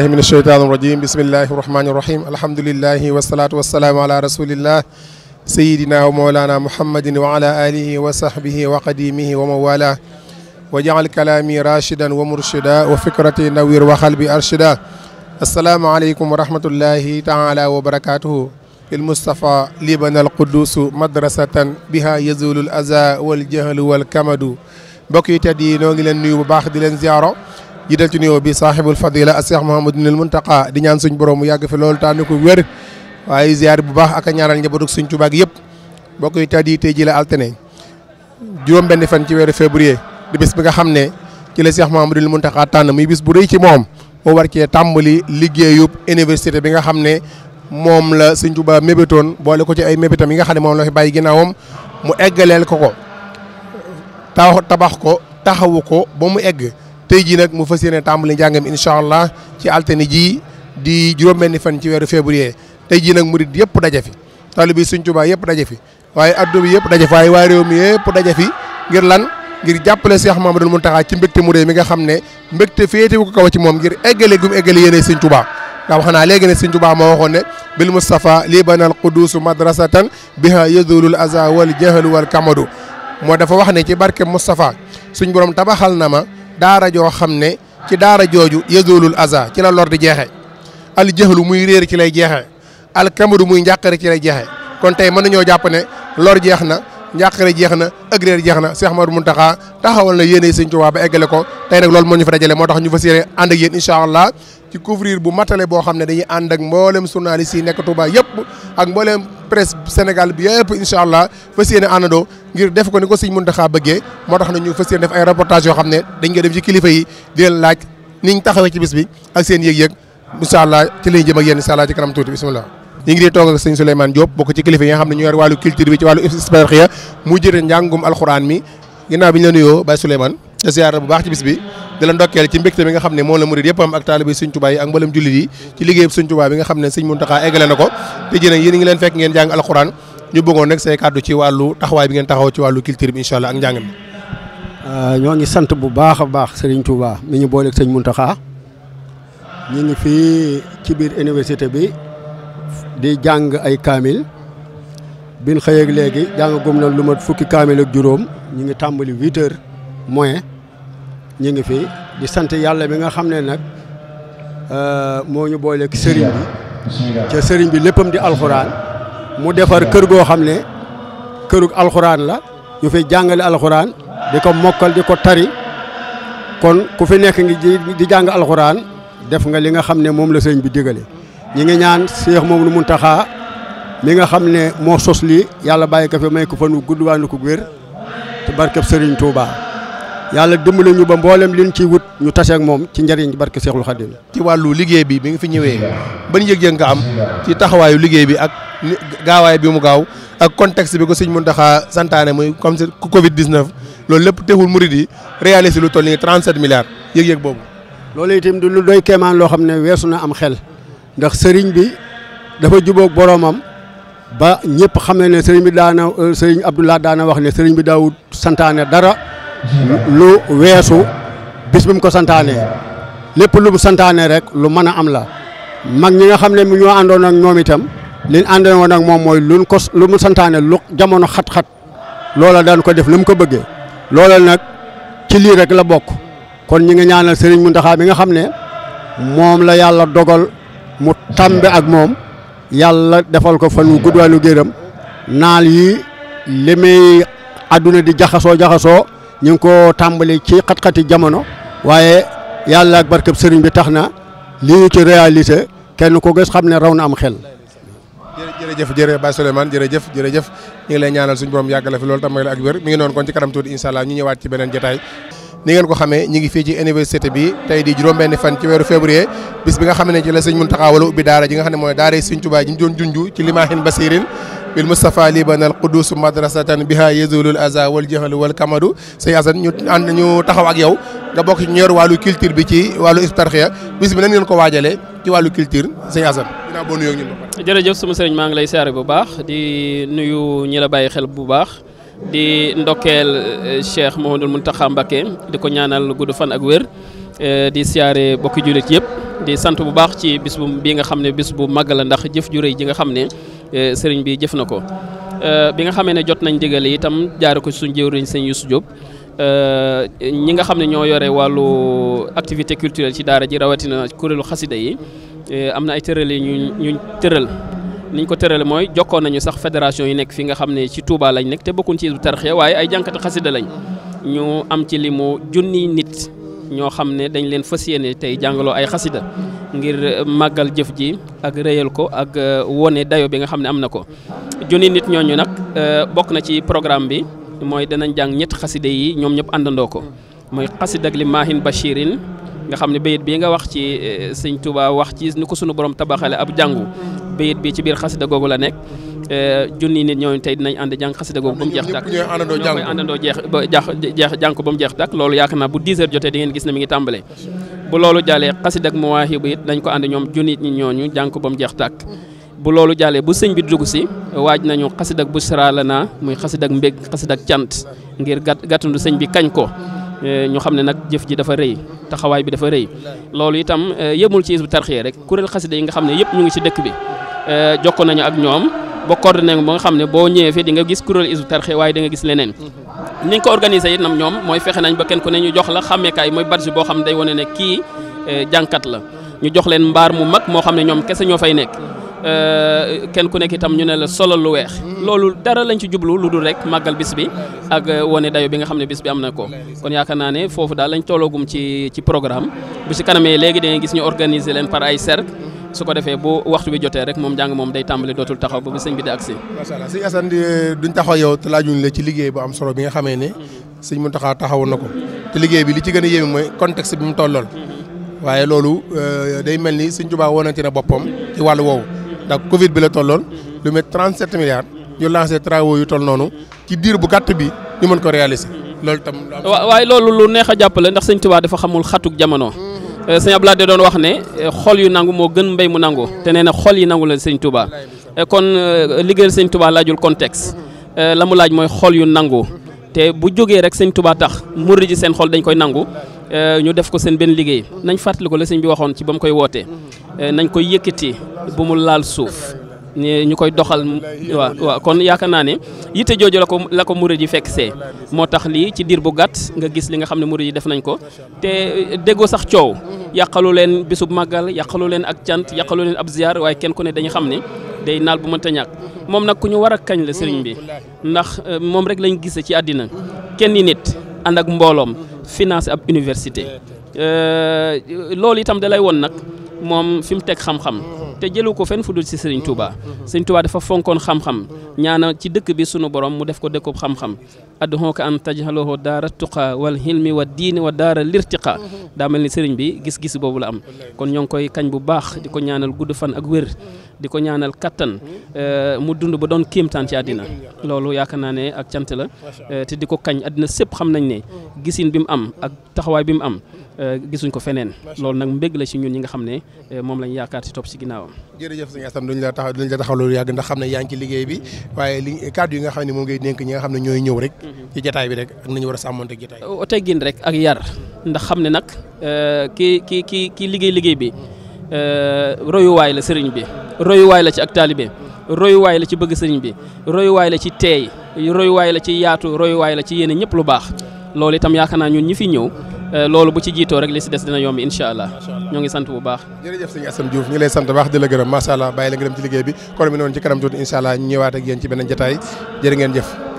من الشيطان الرجيم بسم الله الرحمن الرحيم الحمد لله والصلاة والسلام على رسول الله سيدنا ومولانا محمد وعلى آله وصحبه وقديمه وموالاه وجعل كلامي راشدا ومرشدا وفكرتي نوير وقلبي أرشدا السلام عليكم ورحمة الله تعالى وبركاته المصطفى لبن القدوس مدرسة بها يزول الأذى والجهل والكمد بقيت دي لن نيو لن زيارو jiital ci nuyoo bi saaxibul fadila ak Cheikh Mouhamadul Muntaqa di ñaan suñ borom mu yàgg fi loolu tànn ko wér waaye ziar bu baax ak a ñaanal njabootug suñ Tuubaa yëpp mbokk yi tey jii tey juróom benn fan ci weeru février di bis bi nga xam ne ci la Cheikh Mouhamadul Muntaqa tànn muy bis bu rëy ci moom moo war cee tàmbali liggéeyub université bi nga xam ne moom la suñ Tuubaa mébétoon boole ko ci ay mébétam yi nga xam ne moom la fi bàyyi ginnaawam mu eggaleel ko ko tabax ko taxawu ko ba mu egg. tey jii nag mu fas yéene tàmbali njàngam incha allah ci altine jii di juróom-benni fan ci weeru février tey jii nag di yëpp daje fi taalibe bi Sëñ Tuubaa yëpp daje fi waaye adduna bi yëpp daje fi waaye réew mi yëpp daje fi ngir lan ngir jàppale Cheikh mu Mountakha ci mbégte mu réy mi nga xam ne mbégte féete wu ko kaw ci moom ngir eggale gum eggale yéene Sëñ Tuubaa nga wax naa léegi ne Sëñ Tuubaa moo waxoon ne bil Mustafa libanal quduusu madrasatan biha yazulul aza wal jahlu wal kamadu moo dafa wax ne ci barke Mustafa suñ borom tabaxal na ma daara joo xam ne ci daara jooju yazulul aza ci la lor di jeexe al jëxlu muy réer ci lay jeexe al kamadu muy njàqare ci lay jeexe kon tey mën nañoo jàpp ne lor jeex na njàqare jeex na ak réer jeex na seex ma Cheikh Ahmadou Mountakha taxawal na yéene Sëñ Tuubaa ba eggale ko tey nag loolu moo ñu fa dajale moo tax ñu fas yéene ànd ak yéen incha allah ci couvrir bu matale boo xam ne dañuy ànd ak mboolem journaliste yi nekk Tuubaa yëpp ak mboolem presse Sénégal bi yëpp incha allah fas yéene àndandoo ngir def ko ni ko Sëriñ Muntaxa bëggee moo tax na ñu fas yéene def ay reportage yoo xam ne dañ koy dem ci kilifa yi di leen laaj niñ taxawee ci bis bi ak seen yëg-yëg incha allah ci lañ jëm ak yéen incha allah ci kanam tuuti bisimilah. ñu ngi dee toog ak sëñ Souleymane Diop bokk ci kilifa yi nga xam ne ñu yor culture bi ci wàllu isparxia mu jëre njàngum alxuraan mi ginnaaw bi ñu la nuyoo Baye Souleymane ziyaara bu baax ci bis bi di la ndokkel ci mbégte bi nga xamné mo la mourid yépp am ak taalibe Sëriñ touba yi ak mbalam jullit yi ci liggéey Sëriñ touba bi nga xamné ne Sëriñ égalé nako té ko te ji ngi leen fekk ngeen jang alcorane ñu bëggoon nag say cadeau ci walu taxaway bi ngeen taxaw ci walu culture bi inshallah ak njàng euh ñoo ngi sante bu baax baax Sëriñ touba mi ñu ak Sëriñ Muntaxa ñi ngi fi ci biir université bi di jang ay kamil bin xëyeeg léegi jàng gum na lu mat fukki kamil ak juróom ñi ngi tambali 8 h moins ñu ngi fi di sant yàlla bi nga xam ne nag euh, moo ñu booleeg sëriñ bi ca sëriñ bi léppam di alxuraan mu defar kër goo xam ne kërug alxuraan la ñu fi jàngale alxuraan di ko mokkal di ko tari kon ku fi nekk ngi di jàng alxuraan def nga li nga xam ne moom la sëriñ bi digale ñi ngi ñaan Seex moom lu taxaa mi nga xam ne moo sos lii yàlla bàyyi ko fi may ko fan wu gudd waanu ko wér ci barkeb sëriñ Touba. yàlla dimbali ñu ba mbooleem li ci wut ñu taseek moom ci njëriñ barke Seexul Xadim ci wàllu liggéey bi bi nga fi ñëwee ban yëg-yëg nga am ci taxawaayu liggéey bi ak gaawaay bi mu gaaw ak contexte bi ko sëñ Mountakha santaane muy comme si Covid 19 loolu lépp teewul murid yi réalisé lu toll nii 37 milliards yëg-yëg boobu. loolu itam du lu doy kéemaan loo xam ne weesu na am xel ndax sëriñ bi dafa jubóog boroomam. ba ñëpp xam ne ne sëriñ bi daana sëriñ Abdoulaye daana wax ne sëriñ bi daawut santaane dara lu weesu bis bi mu ko santaane lépp lu mu santaane rek lu mën a am la mag ñi nga xam ne ñoo àndoon ak ñoom itam li ñu àndoon woon moom mooy luñ ko lu mu santaane lu jamono xat-xat loola daan ko def lu mu ko bëggee loola nag ci lii rek la bokk kon ñi nga ñaanal sëriñ Mountakha bi nga xam ne moom la yàlla dogal mu tàmbe ak moom yàlla defal ko fan wu gudd waanu géram naal yi li muy di jaxasoo jaxasoo ñu ngi ko tàmbali ci xat jamono waaye yàlla ak barkab sëriñ bi tax na li ñu ci réalisé kenn xam ne raw na am xel. jërëjëf jërëjëf Baye Souleymane jërëjëf jërëjëf ñu ngi lay ñaanal suñu borom yàgg la fi ngeen ko xamee ñu ngi fii ci université bi tey di juróom-benni fan ci weeru février bis bi nga xam ne ci la sëñ Mountakha wala ubbi daara ji nga xam ne mooy daara sëñ Tuubaa ji ñu ci limaahin basirin bil Moustapha Libana al Qudus madrasatan biha yazulul aza wal jahalu wal kamadu sëñ Assane ñu ànd ñu taxaw ak yow nga bokk ci ñor wàllu culture bi ci wàllu istarxiya bis bi nan ngeen ko waajale ci wàllu culture sëñ Assane. dinaa boo nuyoo jërëjëf sama sëriñ maa ngi lay siyaare bu baax di nuyu ñi la bàyyi xel bu baax. di ndokkeel eh, Cheikh Mouhamadoul Mountakha Mbacké di ko ñaanal gudd fan ak wér eh, di siyaare bokki jullit yëpp di sant bu baax ci bis bu bii nga xam ne bis bu màgg la ndax jëf ju ji nga xam ne Eh, sëriñ bi jëf na ko eh, bi nga xamee ne jot nañ digale itam jaare ko suñ jëwriñ sëñ Youssou Diop eh, ñi nga xam ne ñoo yore wàllu activité culturelle ci daara ji rawatina kuréelu xasida yi am na ay tëral yi ñu ñu tëral niñ ko tërale mooy jokkoon nañu sax fédération yi nekk fi nga xam ne ci Touba lañ nekk te bokkuñ ci tarxiya waaye ay jànkati xasida lañ ñu am ci li limu junni nit ñoo xam ne dañ leen fas yéene tey jàngaloo ay xasida ngir eh, màggal jëf ji ak réyal ko ak eh, wone dayo bi nga xam ne am na ko junni nit ñooñu nag eh, bokk na ci programme bi mooy danañ jàng ñett xaside yi ñoom ñëpp àndandoo ko mooy xasida ak li maahin bashirin nga xam ne béyit bii nga wax ci sëñ Touba wax ci ni ko sunu borom tabaxale ab jàngu bayit bi ci biir xasida googu la nekk junni nit ñooñu tey dinañ ànd jàng xasida googu ba mu jeex tàkk ñoo koy àndandoo jeex ba jeex jàng ko ba mu jeex tàkk loolu yaakaar naa bu 10 heures gis ne mi ngi tàmbale bu loolu jàllee xasida ak mawaahibu it nañ ko ànd ñoom junniit ñi ñooñu jàng ko ba mu jeex tàkk bu loolu jàllee bu sëñ bi dugg si waaj nañu xasida ak busra la naa muy xasida ak mbég xasida ak cant ngir gàttandu sëñ bi kañ ko eh, ñu xam ne nag jëf ji dafa rëy taxawaay bi dafa rëy loolu itam eh, yëmul ci Hizbut Tarqiyyah rek kuréel xasida yi nga xam ne yëpp ñu ngi ci dëkk bi eh, jokko nañu ak ñoom ba coordonné ba nga xam ne boo ñëwee fii di nga gis kuréel Hizbut Tarqiyyah waaye di nga gis leneen ni ko organisé it nam ñoom mooy fexe nañ ba kenn ku ne ñu jox la xàmmeekaay mooy badge boo xam ne day wane ne kii eh, jànkat la ñu jox leen mbaar mu mag moo xam ne ñoom kese ñoo fay nekk eh, kenn ku nekk itam ñu ne la solal lu weex loolu dara lañ ci jublu lu dul rek màggal bis bi ak eh, wane dayo bi nga xam ne bis bi am na ko kon yaakaar naa ne foofu daal lañ tolloogum ci ci programme bu si kanamee léegi da gis ñu organiser leen par ay cercle su ko defee bu waxtu bi jotee rek moom njàng moom day tàmbali dootul taxaw ba ba sëñ bi di agsi. macha duñ taxaw yow te laajuñ la ci liggéey bu am solo bi nga xamee ne. sëñ Mountakha taxawoon na ko. te liggéey bi li ci gën a yéeme mooy contexte bi mu tollool. waaye loolu euh, day mel ni sëñ Tuubaa woonante na boppam ci wàllu woowu. ndax Covid bi la tolloon. lu met 37 milliards. ñu lancé travaux yu toll noonu. ci diir bu gàtt bi ñu mën ko réaliser. loolu tam. waaw waaye a Euh, sëñ Abdoulaye da doon wax ne euh, xol yu nangu moo gën mbéy mu nangu te nee na xol yi nangu la sëñ Touba euh, kon liggéeyal sëñ Touba laajul contexte la mu laaj mooy xol yu nangu te bu jógee rek sëñ tubaa tax murid ji seen xol dañ koy nangu ñu def ko seen benn liggéey nañ fàttali ko la sëñ bi waxoon ci ba mu koy wootee nañ koy yëkkati bu mu laal suuf. ñu koy doxal waaw kon yaakaar naa ne yitte jooju la ko la ko murid yi fekk see moo tax lii ci diir bu gàtt nga gis li nga xam ne murid yi def nañ ko te déggoo sax coow yàqalu leen bisub màggal yàqalu leen ak cant yàqalu leen ab ziar waaye kenn ku ne dañu xam ne day naal bu mënta ñàkk moom nag ku ñu war a kañ la sëriñ bi ndax euh, moom rek lañ gis ci àddina kenn nit ànd ak mbooloom financé ab université euh, loolu itam dalay woon nag moom fi mu teg xam-xam te jëlu ko fenn fu dul ci Serigne Touba Serigne Touba dafa fonkoon xam-xam ñaana ci dëkk bi sunu borom mu def ko dëkkub xam-xam adduxooka an tajxaloo daara tuqa wal xilmi wa diini wa daara lirtiqa daa mel ni Serigne bi gis-gis boobu la am kon ñoo ngi koy kañ bu baax di ko ñaanal gudd fan ak wér di ko ñaanal kattan euh, mu dund ba doon kéemtaan ci àddina loolu yaakaar naa ne ak cant la euh, te di ko kañ àddina sépp xam nañ ne gisin bi mu am ak taxawaay bi mu am Euh, gisuñ ko feneen loolu nag mbég la ci ñun ñi nga xam ne euh, moom lañ yaakaar ci topp ci ginnaawam jërëjëf sëñ Assane duñ la taxaw duñ la taxaw loolu yàgg ndax xam ne yaa liggéey bi waaye li kàddu yi nga xam ne xam ne ñooy mhm. a sàmmonte nag euh, ki ki ki ki liggéey liggéey bi royuwaay la sëriñ bi royuwaay la ci ak taalibe royuwaay la ci bëgg sëriñ bi royuwaay la ci teey royuwaay la ci yaatu royuwaay la ci yéene ñëpp lu baax loolu itam yaakaar naa ñun ñi fi ñëw Euh, loolu bu ci jiitoo rek li si des dina yomb incha allah ñoo ngi sant bu baax jërëjëf sëñ Assane Diouf ñu ngi lay sant baax di la gërëm macha allah bàyyi la nga dem ci liggéey bi kon mi noonu ci kanam tuuti incha allah ñëwaat ak yéen ci beneen jotaay jërë ngeen jëf